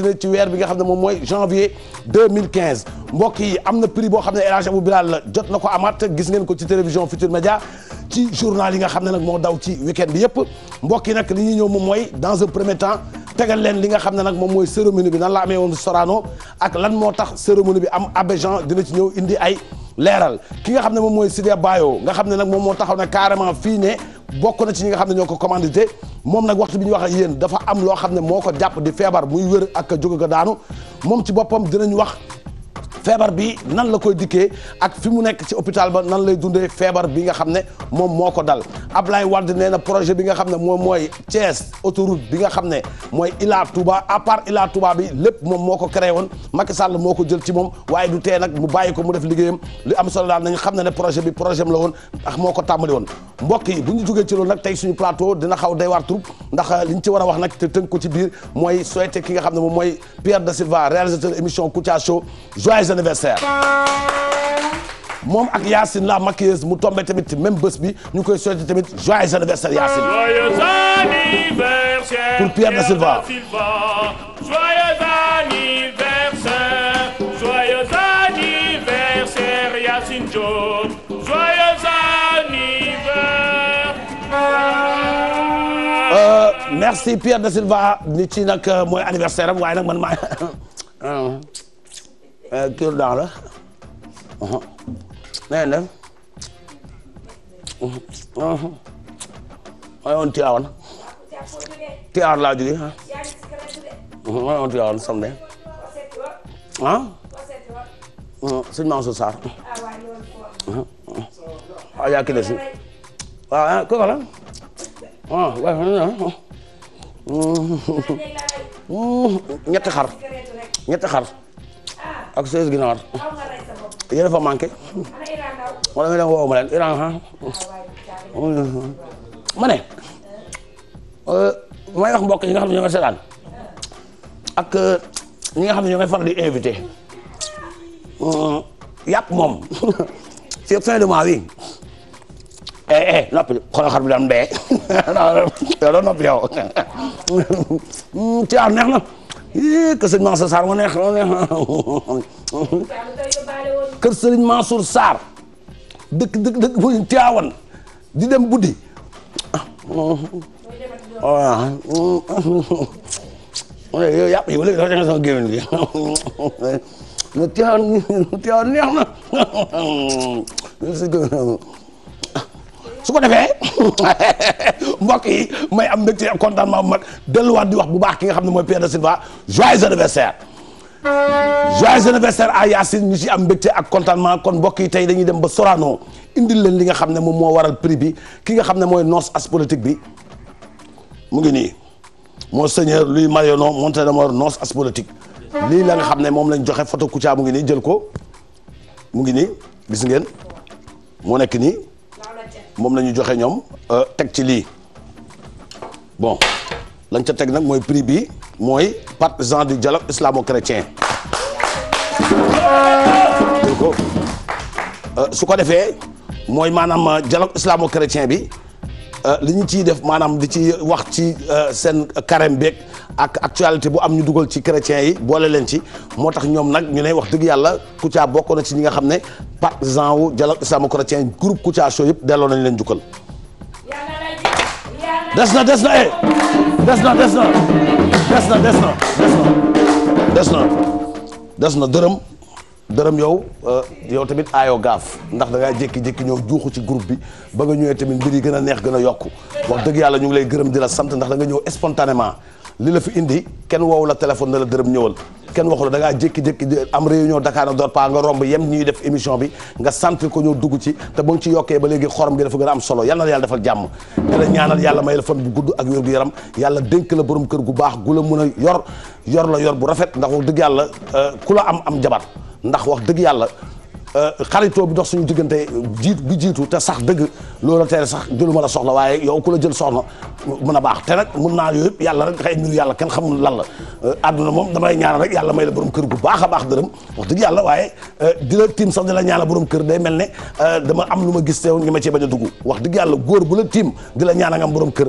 altine ci weer bi nga xam ne moom mooy janvier 2015 mbokk yi am na prix boo xam ne El Hadj Abou Bilal la jot na ko amaat gis ngeen ko ci télévision Futur Média ci journal li nga xam ne nag moo daw ci week bi yëpp mbokki nag li ñuy ñëw moom mooy dans un premier temps tegal leen li nga xam ne nag moom mooy cérémonie bi nan la amee woon Sorano ak lan moo tax cérémonie bi am Abidjan dina ci ñëw indi ay leeral ki nga xam ne moom mooy Sidya Bayo nga xam ne nag moom moo taxaw ne carrément fii ne bokk na ci ñi nga xam ne ñoo ko commandité moom nag waxtu bi ñu wax ak yéen dafa am loo xam ne moo ko jàpp di feebar muy wér ak jóge ko daanu moom si boppam dinañ wax feebar bi nan la koy dikkee ak fi mu nekk ci hôpital ba nan lay dundee feebar bi nga xam ne moom moo ko dal Ablaye Wade nee na projet bi nga xam ne moom mooy Thiès autoroute bi nga xam ne mooy Ila Touba à Ila Touba bi lépp moom moo ko créé woon Macky Sall moo ko jël ci moom waaye du tee nag mu bàyyi ko mu def liggéeyam li am solo daal nañ xam ne ne projet bi projet am la woon ndax moo ko tàmbali woon mbokk yi bu ñu jógee ci loolu nag tey suñu plateau dina xaw day waar troupe ndax liñ ci war a wax nag te tënk ko ci biir mooy souhaité ki nga xam ne mooy Pierre Da Silva émission Kouthia Show joyeux anniversaire moom ak Yacine la maquilleuse mu tombé tamit même bés bi ñu koy souhaité tamit joyeux anniversaire Yacine. joyeux anniversaire pour Pierre da Silva. joyeux anniversaire joyeux anniversaire Yacine Diop joyeux anniversaire. Euh, merci Pierre da Silva ni ci nag euh, mooy anniversaire am waaye nag man maa. Ah. Euh, kër Daara la. na ngeen def. laa jógee ah. Uh-huh, maa ngi woon Thiawane samedi. ah. sëñ Mansour Sarr. ah yaa ngi kii de si. waaw ah kooku ah, ñetti xar ñetti xar. ak seize ginaar yéen fa manqué wala nga dem woo ma leen Iran ha ah. ma ne euh, may wax mbokk yi nga xam ne ñoo ngi seetaan ak euh, ñi nga xam ne ñoo ngi far di invité euh, yàpp moom ci fin de mois bi eh eh noppi xoolal xar bi daan mbee non non noppi yow ci hmm, neex na. kër sëñ Mansour Sarr mu neex kër sëñ Mansour Sarr dëkk dëkk dëkk bu di dem buddi waaw yow yàpp yi ba léegi dafa nekk sama géwén gi Tiwaawan Tiwaawan neex na su ko defee mbokk yi may am mbégte ak contentement bu mag delluwaat di wax bu baax ki nga xam ne mooy Pierre de Silva joyeux anniversaire joyeux anniversaire à Yacine ñu si am mbégte ak contentement kon mbokk yi tey dañuy dem ba Sorano indil leen li nga xam ne moom moo waral prix bi ki nga xam ne mooy noce as bi mu ngi nii Monseigneur Louis Mariano Monténamor noce as politique lii la nga xam ne moom lañ joxe photo Kouthia mu ngi nii jël ko mu ngi nii gis moo nekk nii moom la ñu joxe ñoom euh, teg ci lii bon lañ ca teg nag mooy prix bi mooy partisan du dialogue islamo-chrétien euh, su ko defee mooy maanaam euh, dialogue islamo-chrétien bi li ñu ciy def maanaam di ci wax ci seen carême beeg ak actualité bu am ñu dugal ci chrétiens yi boole leen ci moo tax ñoom nag ñu ne wax dëgg yàlla Kouthia bokk na ci ñi nga xam ne partisan wu dialogue islamo-chrétien groupe Kouthia Show yëpp delloo nañ leen jukkal. Eh! des na des na des na des na des na dërëm dërëm yow euh, yow tamit aayoo gaaf ndax da ngaa jékki-jékki ñëw juuxu ci groupe bi ba nga ñëwee tamit mbir yi gën a neex gën a yokk wax dëgg yàlla ñu ngi lay gërëm di la sant ndax danga ñëw spontanément li la fi indi kenn woowu la téléphone na la dërëm ñëwal kenn waxu la da ngaa jékki-jékki am réunion Dakar na door pa nga romb yem ñuy def émission bi nga sant ko ñëw dugg ci te ba nga ci yokkee ba léegi xorom gi dafa gën a am solo yal na la yàlla defal jàmm te la ñaanal yàlla may la fan bu gudd ak wér gu yaram yàlla dénk la borom kër gu baax gu la mën a yor yor la yor bu rafet ndax wax dëgg yàlla euh, ku la am am jabar ndax wax dëgg yàlla Euh, xaritoo bi dox suñu diggante jiit bi jiitu te sax dëgg loola teel sax jëluma la soxla waaye yow ku la jël soxna mën a baax te nag mun naa yooyu yëpp yàlla rek xëy mbiru yàlla kenn xamul lan la euh, àdduna moom damay ñaanal rek yàlla may la borom kër gu baax a baax dërëm wax dëgg yàlla waaye euh, di la tiim sax di la kër day mel ne dama am lu ma gis teew ñi ma cee bañ a dugg wax dëgg yàlla góor bu la tiim di la ñaanal am borom kër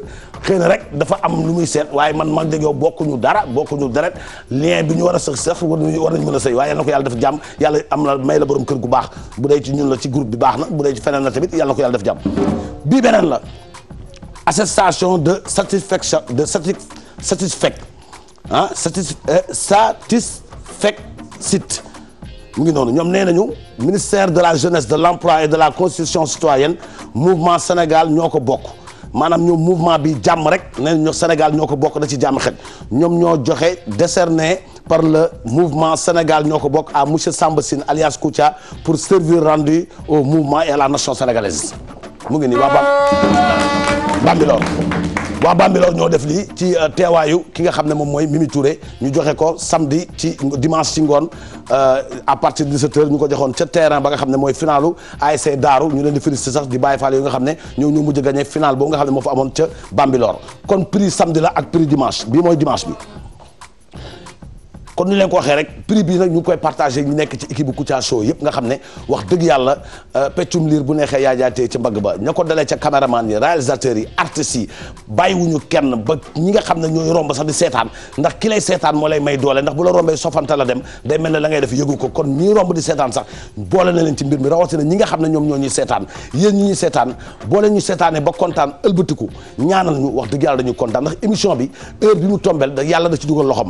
na rek dafa am lu muy seet waaye man mag dëgg yow bokkuñu dara bokkuñu ñu war a sëx sax war nañ mën a waaye yal yàlla def jàmm yàlla am la may la borom kër gu baax bu dee ci ñun la ci groupe bi baax na bu dee ci feneen la tamit yàlla ko yàlla def jàmm bii beneen la attestation de satisfaction de sati satisfait ah satis eh, satisfait site mu ngi noonu ñoom nee nañu ministère de la jeunesse de l'emploi et de la constitution citoyenne mouvement Sénégal ñoo ko bokk maanaam ñoo mouvement bi jàmm rek ne ñoo Sénégal ñoo ko bokk da ci jàmm xet ñoom ñoo joxe décerné par le mouvement Sénégal ñoo ko bokk à monsieur Samba Sine alias Koutia pour servir rendu au mouvement et à la nation sénégalaise mu ngi nii waa Bam waa Bambilor ñoo def lii ci euh, teewaayu ki nga xam ne moom mooy Mimi ñu joxe ko samedi ci dimanche ci ngoon euh, à partir de 17 ñu ko joxoon ca terrain ba nga xam ne mooy finalu ASC Daaru ñu leen di félicité sax di bàyyi faale yi nga xam ne ñoo ñu mujj a gagné final boobu nga xam ne moo fa amoon ca Bambilor kon prix samedi la ak prix dimanche bi mooy dimanche bi. kon ñu leen ko waxee rek prix bi nag ñu ngi koy partagé ñu nekk ci équipe bu Kouthia Show yëpp nga xam ne wax dëgg yàlla euh, peccum liir bu neexee yaajaatee ci mbagg ba ña ko dalee ca caméraman yi réalisateurs yi artistes yi bàyyiwuñu kenn ba ñi nga xam ne ñooy romb sax di seetaan ndax ki seetaan moo lay may doole ndax bu la rombee sofanta la dem day mel ne la ngay def yëgu ko kon ñii romb di seetaan sax boole na leen ci mbir mi rawatina ñi nga xam ne ñoo ñuy seetaan yéen ñi ñuy seetaan boole ñu seetaanee ba kontaan ëlbatiku ñaanal ñu wax dëgg yàlla dañu kontaan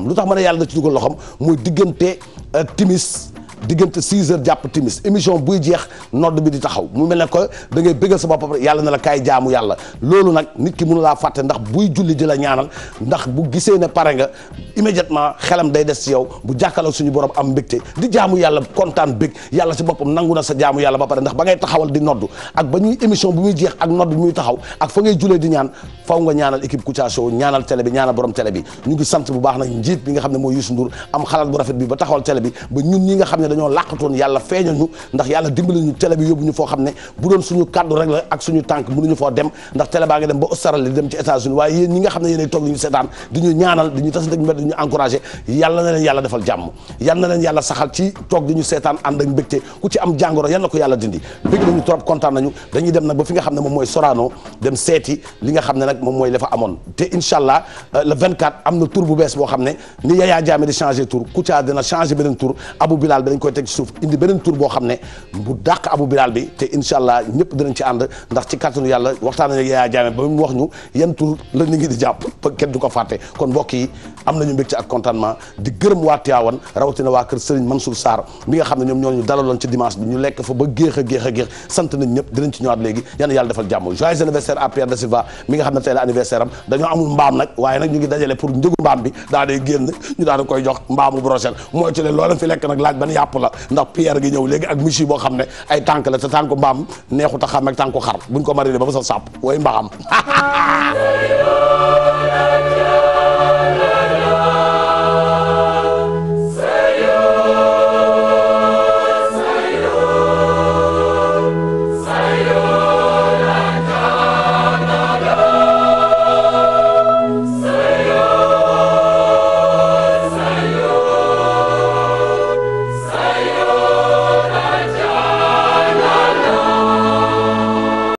ndax loxom mu diggante euh, timis diggante 6 heures jàpp timis émission buy jeex nodd bi di taxaw mu mel ne ko da ngay bëggal sa bopp yàlla na la kaay jaamu yàlla loolu nag nit ki mënu laa fàtte ndax buy julli di la ñaanal ndax bu gisee ne pare nga immédiatement xelam day des ci yow bu jàkkaarloo suñu borom am mbégte di jaamu yàlla kontaan bég yàlla si boppam nangu na sa jaamu yàlla ba pare ndax ba ngay taxawal di noddu ak ba ñuy émission bu muy jeex ak nodd bi muy taxaw ak fa ngay julee di ñaan faw nga ñaanal équipe Kouthia Show ñaanal télé bi borom télé bi ñu ngi sant bu baax nag njiit ne mooy Youssou bi ba taxawal télé bi ba ne dañoo làqatoon yàlla feeñal ñu ndax yàlla dimbali ñu télé bi yóbbu ñu foo xam ne bu doon suñu kaddu rek la ak suñu tànk mënuñu foo dem ndax télé baa dem ba Australie dem ci États-Unis waaye yéen nga xam ne yéenay toog di seetaan di ñaanal di ñu tasante mbedd yàlla na leen yàlla defal jàmm yàlla na leen yàlla saxal ci toog di ñu seetaan ànd ak mbégte ku ci am jàngoro yàlla ko yàlla dindi bég nañu trop kontaan nañu dañuy dem nag ba fi nga ne moom dañ koy teg ci suuf indi beneen tur boo xam ne bu dàq Abu Bilal bi te incha allah ñëpp dinañ ci ànd ndax ci kàttanu yàlla waxtaan nañu Yaya Jammeh ba mu wax ñu yan tur la nit ñi di jàpp kenn du ko fàtte kon mbokk yi am nañu mbégte ak contentement di gërëm waa Tiwaawan rawatina waa kër Serigne Mansour Sarr mi nga xam ne ñoom ñoo ñu dalaloon ci dimanche bi ñu lekk fa ba géex a géex a sant nañ ñëpp dinañ ci ñëwaat léegi yal yàlla defal jàmm joyeux jàpp la ndax pierre gi ñëw léegi ak michi boo xam ne ay tànk la te tànku mbaam neexut a xam ak tànku xar buñ ko mariné ba fa sa sàpp way mbaam